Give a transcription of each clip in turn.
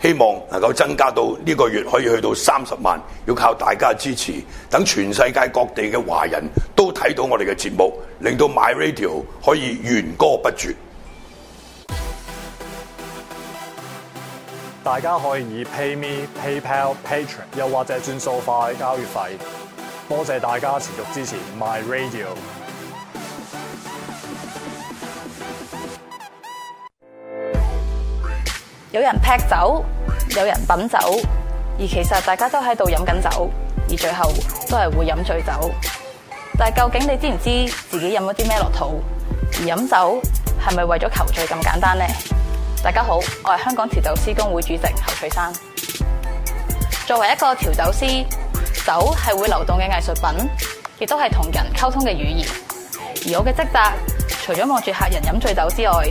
希望能夠增加到呢個月可以去到三十萬，要靠大家支持。等全世界各地嘅華人都睇到我哋嘅節目，令到 My Radio 可以弦歌不絕。大家可以以 PayMe, PayPal, Patreon，又或者轉數快交月費。多謝大家持續支持 My Radio。有人劈酒，有人品酒，而其實大家都喺度飲緊酒，而最後都係會飲醉酒。但係究竟你知唔知自己飲咗啲咩落肚？而飲酒係咪為咗求醉咁簡單呢？大家好，我係香港調酒師工會主席侯翠山。作為一個調酒師，酒係會流動嘅藝術品，亦都係同人溝通嘅語言。而我嘅職責，除咗望住客人飲醉酒之外，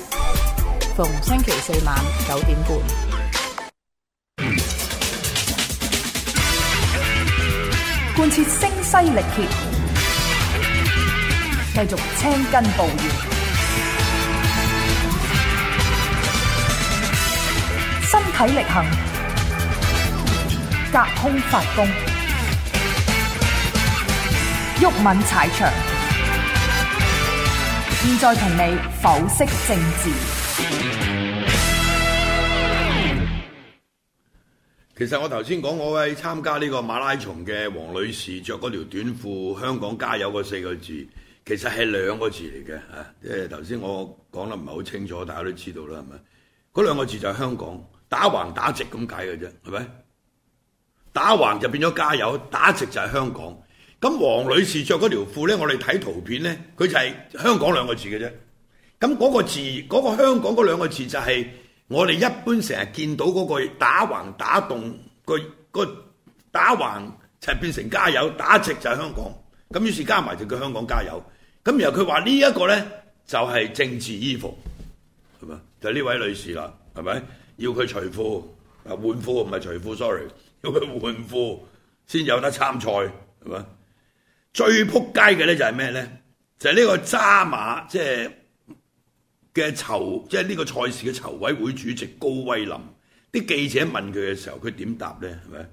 逢星期四晚九點半，貫徹聲嘶力竭，繼續青筋暴現，身體力行，隔空發功，毓民踩場，現在同你剖析政治。其實我頭先講，我位參加呢個馬拉松嘅黃女士着嗰條短褲，香港加油嗰四個字，其實係兩個字嚟嘅吓。即係頭先我講得唔係好清楚，大家都知道啦，係咪？嗰兩個字就係香港打橫打直咁解嘅啫，係咪？打橫就變咗加油，打直就係香港。咁黃女士着嗰條褲呢，我哋睇圖片呢，佢就係香港兩個字嘅啫。咁嗰個字，嗰、嗰個香港嗰兩個字就係我哋一般成日見到嗰句打橫打動，個、嗰個打橫就變成加油，打直就係香港。咁於是加埋就叫香港加油。咁然後佢話呢一個呢就係、是、政治衣服，係咪？就呢、是、位女士啦，係咪？要佢除褲啊換褲，唔係除褲，sorry，要佢換褲先有得參賽，係咪？最撲街嘅呢就係咩呢？就係、是、呢個渣馬即係。就是嘅籌即係呢個賽事嘅籌委會主席高威林，啲記者問佢嘅時候，佢點答呢？係咪？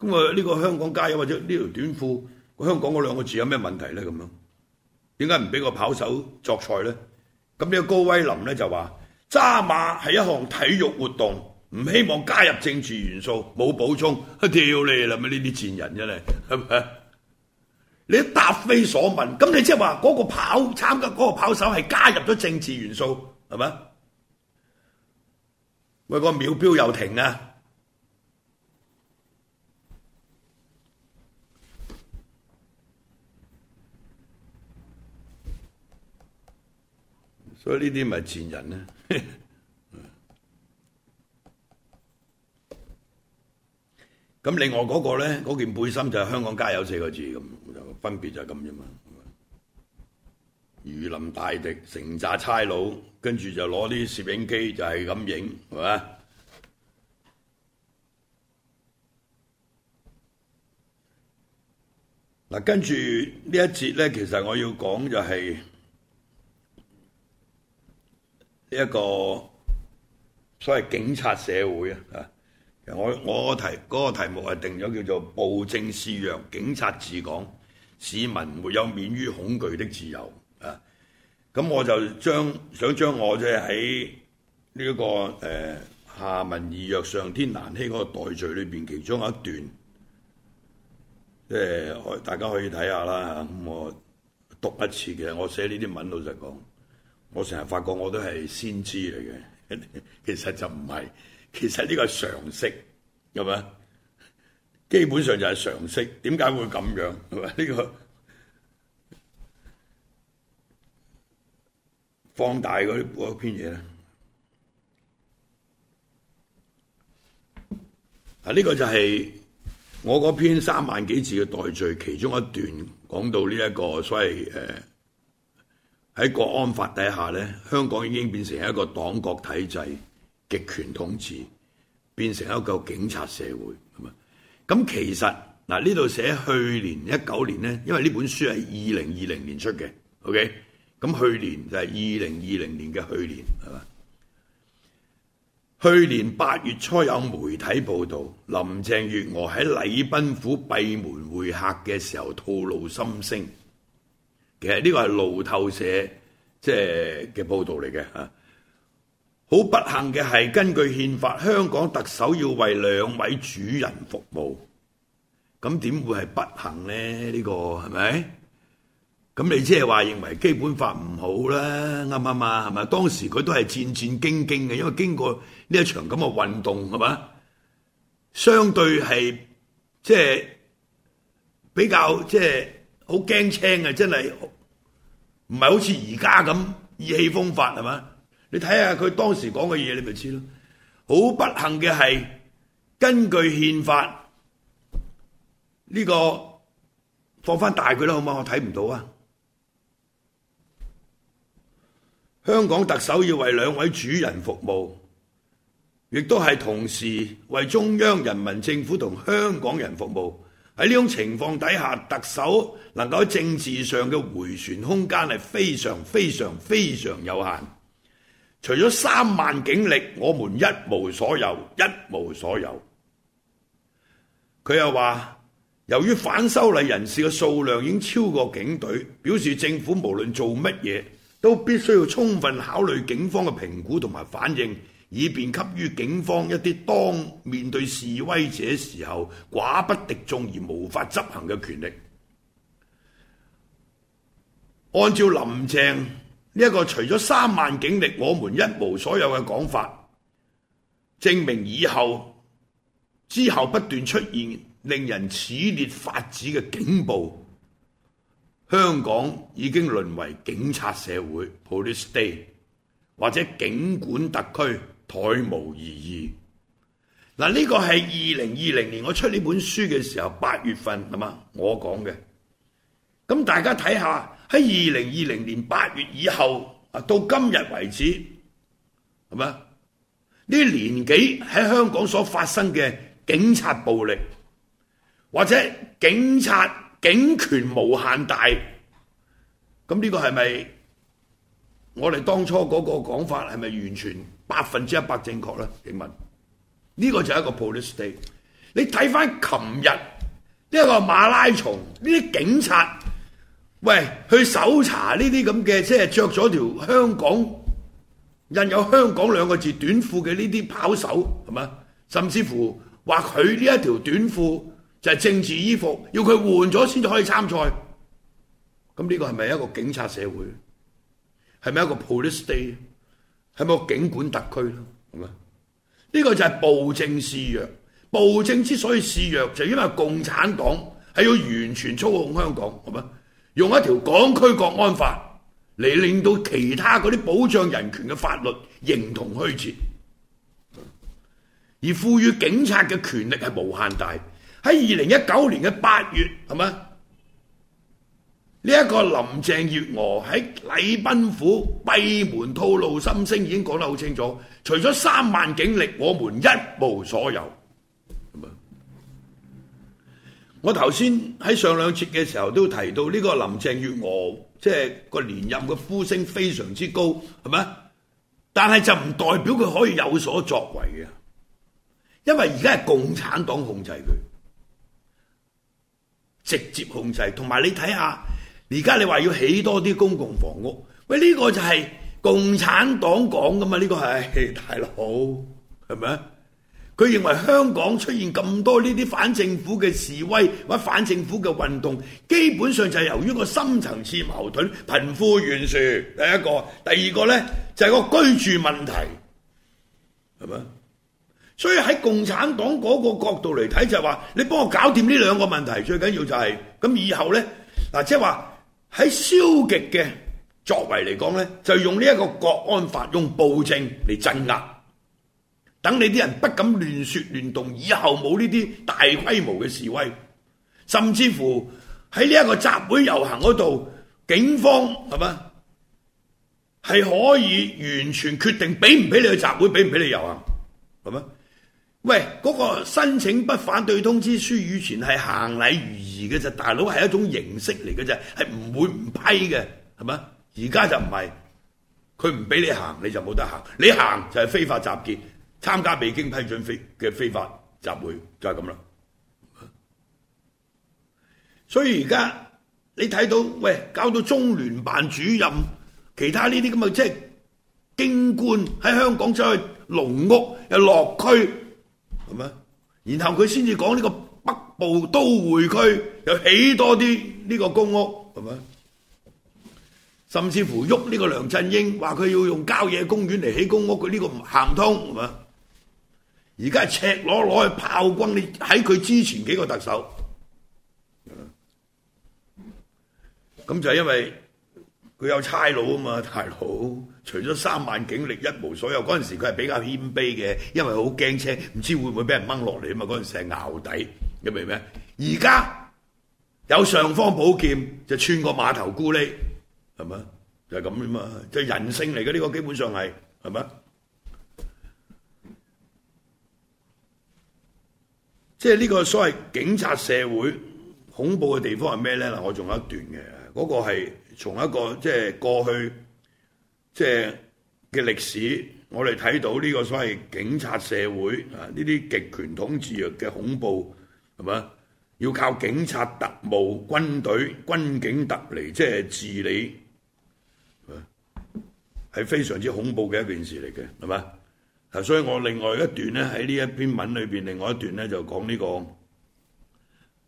咁啊，呢個香港加油或者呢條短褲，香港嗰兩個字有咩問題呢？咁樣點解唔俾個跑手作賽呢？咁呢個高威林呢，就話揸馬係一項體育活動，唔希望加入政治元素，冇補充，屌你啦！咩呢啲賤人真係係咪？你答非所問，咁你即係話嗰個跑參加嗰個跑手係加入咗政治元素係咪？喂，個秒表又停啊！所以呢啲咪賤人咧。咁另外嗰個咧，嗰件背心就係香港加油四個字咁，就、嗰個、分別就係咁啫嘛。如臨大敵成紮差佬，跟住就攞啲攝影機就係咁影，係嘛？嗱，跟住呢一節咧，其實我要講就係呢一個所謂警察社會啊。我我提嗰個題目係定咗叫做暴政肆虐，警察治港，市民沒有免於恐懼的自由。啊，咁我就將想將我即係喺呢一個下、呃、民易虐，上天難欺嗰個代罪裏邊其中一段，即、呃、係大家可以睇下啦。咁我讀一次嘅，我寫呢啲文，老實講，我成日發覺我都係先知嚟嘅，其實就唔係。其實呢個係常識，咁啊，基本上就係常識。點解會咁樣？呢個放大嗰啲嗰篇嘢咧，啊，呢個就係我嗰篇三萬幾字嘅代罪，其中一段講到呢一個，所謂誒喺國安法底下咧，香港已經變成一個黨國體制。極權統治變成一個警察社會，係嘛？咁其實嗱呢度寫去年一九年呢，因為呢本書係二零二零年出嘅，OK？咁去年就係二零二零年嘅去年，係嘛？去年八月初有媒體報道，林鄭月娥喺禮賓府閉門會客嘅時候吐露心聲。其實呢個係路透社即係嘅報道嚟嘅吓。好不幸嘅係，根據憲法，香港特首要為兩位主人服務。咁點會係不幸呢？呢個係咪？咁你即係話認為基本法唔好啦？啱唔啱啊？係咪？當時佢都係戰戰兢兢嘅，因為經過呢一場咁嘅運動，係嘛？相對係即係比較即係好驚青啊，真係唔係好似而家咁意氣風發，係嘛？你睇下佢當時講嘅嘢，你咪知咯。好不幸嘅係，根據憲法呢個放翻大佢啦，好冇？我睇唔到啊！香港特首要為兩位主人服務，亦都係同時為中央人民政府同香港人服務。喺呢種情況底下，特首能夠喺政治上嘅迴旋空間係非常非常非常有限。除咗三萬警力，我們一無所有，一無所有。佢又話，由於反修例人士嘅數量已經超過警隊，表示政府無論做乜嘢，都必須要充分考慮警方嘅評估同埋反應，以便給予警方一啲當面對示威者時候寡不敵眾而無法執行嘅權力。按照林鄭。呢一個除咗三萬警力，我們一無所有嘅講法，證明以後之後不斷出現令人齒裂髮指嘅警暴，香港已經淪為警察社會 （Police Day） 或者警管特區，殆無異議。嗱，呢個係二零二零年我出呢本書嘅時候，八月份係嘛？我講嘅，咁大家睇下。喺二零二零年八月以後啊，到今日為止，係咪呢年紀喺香港所發生嘅警察暴力，或者警察警權無限大？咁呢個係咪我哋當初嗰個講法係咪完全百分之一百正確咧？請問呢個就係一個 police state。你睇翻琴日呢一個馬拉松，呢啲警察。喂，去搜查呢啲咁嘅，即係着咗條香港印有香港兩個字短褲嘅呢啲跑手係咪？甚至乎話佢呢一條短褲就係政治衣服，要佢換咗先至可以參賽。咁呢個係咪一個警察社會？係咪一個 police state？係咪個警管特區啦？咁啊，呢、呢個就係暴政肆虐。暴政之所以肆虐，就是、因為共產黨係要完全操控香港，係咪？用一條港區國安法嚟令到其他嗰啲保障人權嘅法律形同虛設，而賦予警察嘅權力係無限大。喺二零一九年嘅八月，係咪？呢、這、一個林鄭月娥喺禮賓府閉門吐露心聲，已經講得好清楚。除咗三萬警力，我們一無所有。我頭先喺上兩節嘅時候都提到，呢個林鄭月娥即係個連任嘅呼聲非常之高，係咪？但係就唔代表佢可以有所作為嘅，因為而家係共產黨控制佢，直接控制。同埋你睇下，而家你話要起多啲公共房屋，喂、這、呢個就係共產黨講㗎嘛？呢、這個係、哎、大佬係咪？佢認為香港出現咁多呢啲反政府嘅示威或者反政府嘅運動，基本上就係由於個深層次矛盾，貧富懸殊。第一個，第二個咧就係個居住問題，係咪？所以喺共產黨嗰個角度嚟睇，就係話你幫我搞掂呢兩個問題，最緊要就係咁以後咧，嗱，即係話喺消極嘅作為嚟講咧，就用呢一個國安法，用暴政嚟鎮壓。等你啲人不敢亂説亂動，以後冇呢啲大規模嘅示威，甚至乎喺呢一個集會遊行嗰度，警方係咪係可以完全決定俾唔俾你去集會，俾唔俾你遊行？係咪？喂，嗰個申請不反對通知書以前係行禮如儀嘅啫，大佬係一種形式嚟嘅啫，係唔會唔批嘅，係咪？而家就唔係，佢唔俾你行，你就冇得行；你行就係非法集結。參加未經批准非嘅非法集會就係咁啦，所以而家你睇到喂，搞到中聯辦主任、其他呢啲咁嘅即係京官喺香港出去籠屋、又落區，係咪？然後佢先至講呢個北部都會區有起多啲呢個公屋，係咪？甚至乎喐呢個梁振英話佢要用郊野公園嚟起公屋，佢呢個唔行通，係咪？而家係赤裸裸去炮轟你喺佢之前幾個特首，咁就係因為佢有差佬啊嘛，大佬。除咗三萬警力一無所有，嗰陣時佢係比較謙卑嘅，因為好驚車，唔知會唔會俾人掹落嚟啊嘛。嗰陣時係熬底，你明咩？而家有尚方寶劍就穿過碼頭咕喱呢，係嘛？就係咁啊嘛，就人性嚟嘅呢個基本上係，係嘛？即係呢個所謂警察社會恐怖嘅地方係咩咧？嗱，我仲有一段嘅，嗰個係從一個即係過去即係嘅歷史，我哋睇到呢個所謂警察社會啊，呢啲極權統治嘅恐怖係嘛？要靠警察特務、軍隊、軍警特嚟即係治理，係非常之恐怖嘅一件事嚟嘅，係嘛？所以我另外一段呢，喺呢一篇文裏邊另外一段呢，這個，就講呢個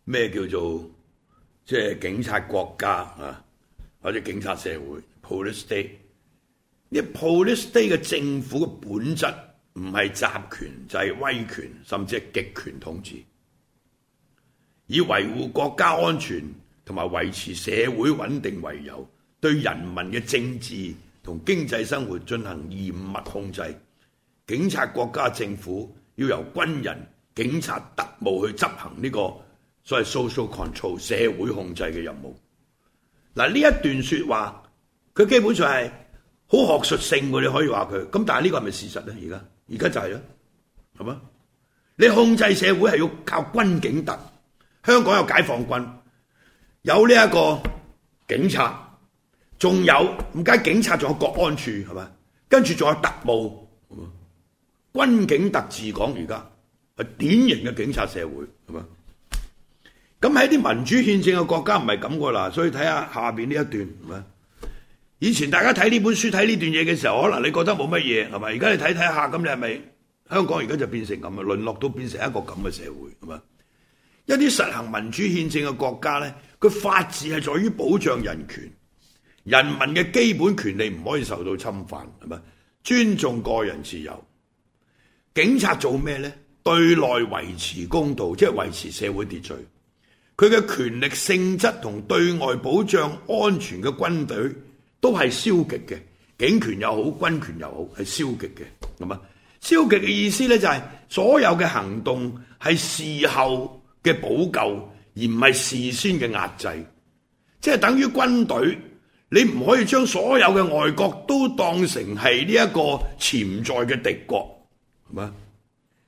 咩叫做即係警察國家啊，或者警察社會 police state。呢 police state 嘅政府嘅本質唔係集權就係、是、威權，甚至係極權統治，以維護國家安全同埋維持社會穩定為由，對人民嘅政治同經濟生活進行嚴密控制。警察、國家、政府要由軍人、警察、特務去執行呢個所謂 social control 社會控制嘅任務。嗱，呢一段説話佢基本上係好學術性嘅，你可以話佢咁。但係呢個係咪事實咧？而家而家就係咯，係嘛？你控制社會係要靠軍警特。香港有解放軍，有呢一個警察，仲有唔家而家警察仲有國安處，係嘛？跟住仲有特務。軍警特治港，而家係典型嘅警察社會，係咪？咁喺啲民主憲政嘅國家唔係咁噶啦，所以睇下下邊呢一段，係咪？以前大家睇呢本書睇呢段嘢嘅時候，可能你覺得冇乜嘢，係咪？而家你睇睇下，咁你係咪香港而家就變成咁啊？淪落到變成一個咁嘅社會，係咪？一啲實行民主憲政嘅國家咧，佢法治係在於保障人權，人民嘅基本權利唔可以受到侵犯，係咪？尊重個人自由。警察做咩咧？對內維持公道，即係維持社會秩序。佢嘅權力性質同對外保障安全嘅軍隊都係消極嘅，警權又好，軍權又好，係消極嘅。咁啊，消極嘅意思呢，就是，就係所有嘅行動係事後嘅補救，而唔係事先嘅壓制。即係等於軍隊，你唔可以將所有嘅外國都當成係呢一個潛在嘅敵國嘛，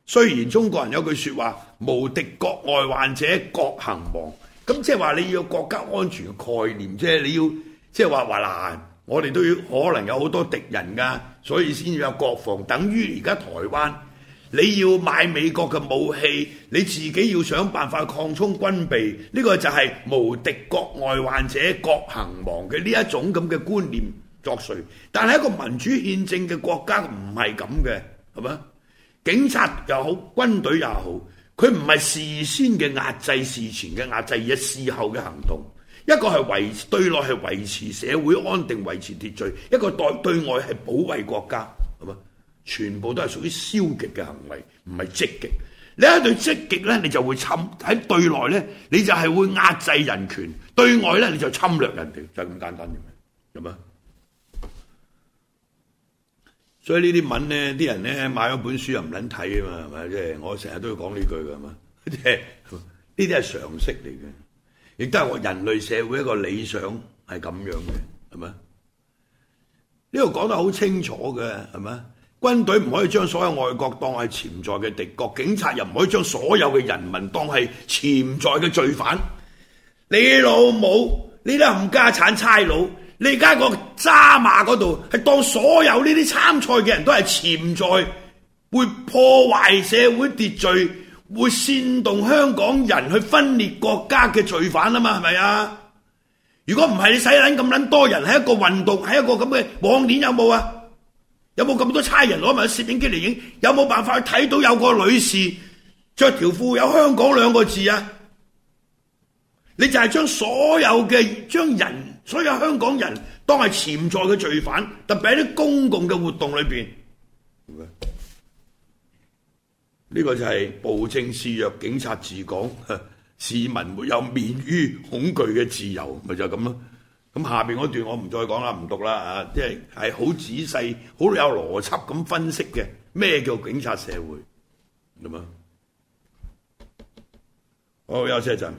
雖然中國人有句說話，無敵國外患者國恆亡。咁即係話你要有國家安全嘅概念，即係你要即係話話嗱，我哋都要可能有好多敵人噶、啊，所以先至有國防。等於而家台灣，你要買美國嘅武器，你自己要想辦法擴充軍備。呢、這個就係無敵國外患者國恆亡嘅呢一種咁嘅觀念作祟。但係一個民主憲政嘅國家唔係咁嘅，係咪？警察又好，軍隊又好，佢唔係事先嘅壓制，事前嘅壓制，而係事後嘅行動。一個係維對內係維持社會安定、維持秩序；一個對對外係保衞國家，係咪？全部都係屬於消極嘅行為，唔係積極。你一對積極呢，你就會侵喺對內呢，你就係會壓制人權；對外呢，你就侵略人哋，就咁簡單啫嘛？所以呢啲文咧，啲人咧買咗本書又唔撚睇啊嘛，係咪？即係我成日都要講呢句㗎嘛？即係呢啲係常識嚟嘅，亦都係我人類社會一個理想係咁樣嘅，係咪？呢度講得好清楚嘅，係咪？軍隊唔可以將所有外國當係潛在嘅敵國，警察又唔可以將所有嘅人民當係潛在嘅罪犯。你老母，你啲冚家鏟差佬，你而家個～渣馬嗰度係當所有呢啲參賽嘅人都係潛在會破壞社會秩序、會煽動香港人去分裂國家嘅罪犯啊嘛，係咪啊？如果唔係你使撚咁撚多人，喺一個運動，喺一個咁嘅往年有冇啊？有冇咁多差人攞埋攝影機嚟影？有冇辦法去睇到有個女士着條褲有香港兩個字啊？你就係將所有嘅將人所有香港人當係潛在嘅罪犯，特別喺啲公共嘅活動裏邊。呢 Okay. 個就係暴政肆虐，警察治港， 市民沒有免於恐懼嘅自由，咪就係咁咯。咁下邊嗰段我唔再講啦，唔讀啦啊，即係係好仔細、好有邏輯咁分析嘅咩叫警察社會？咁、okay. 啊，好休息一陣。